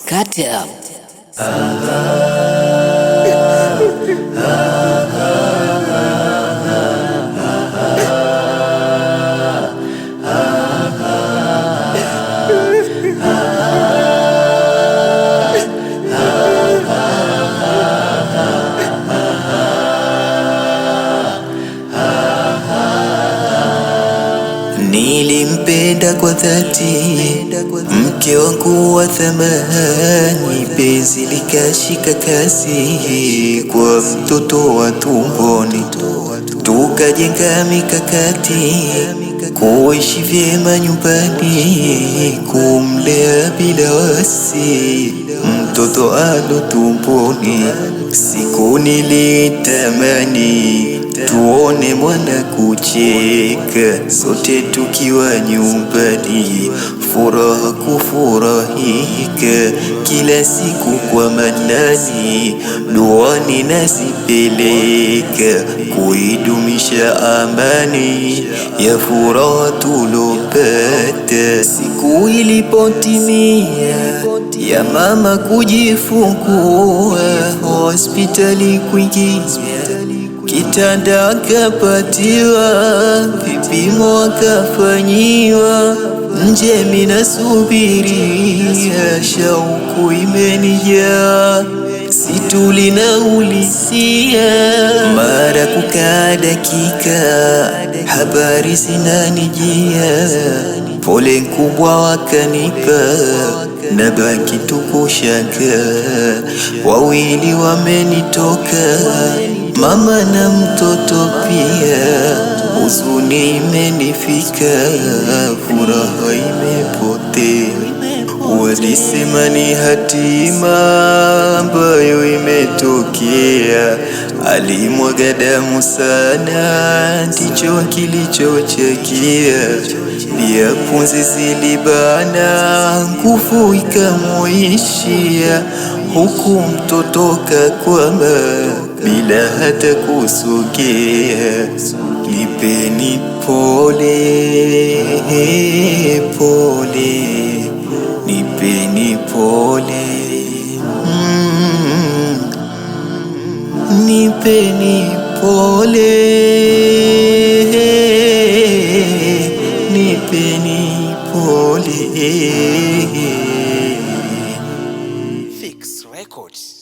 Scott up. Nilimpenda kwa dhati mke wangu wa thamani, penzi likashika kasi kwa mtoto wa tumboni, tukajenga mikakati kuishi vyema nyumbani, kumlea bila wasi mtoto alo tumboni. Siku nilitamani kucheka, sote tukiwa nyumbani, furaha kufurahika, kila siku kwa Manani, duani nazipeleka kuidumisha amani ya furaha tulopata siku ilipotimia ya mama kujifungua hospitali kuingia Kitanda akapatiwa, kipimo akafanyiwa, nje minasubiri, shauku imenijaa, situli na ulisia, mara kukaa dakika, habari zinanijia, pole kubwa wakanipa na baki tukushaka, wawili wamenitoka mama na mtoto pia. Huzuni imenifika, furaha imepotea. Walisema ni hatima ambayo imetokea. Alimwaga damu sana, ndicho kilichochekia Pia punzi zilibana, nguvu ikamuishia huku mtoto kakwama bila hata kusogea. Nipeni pole pole, nipeni pole mm, nipeni pole nipeni pole records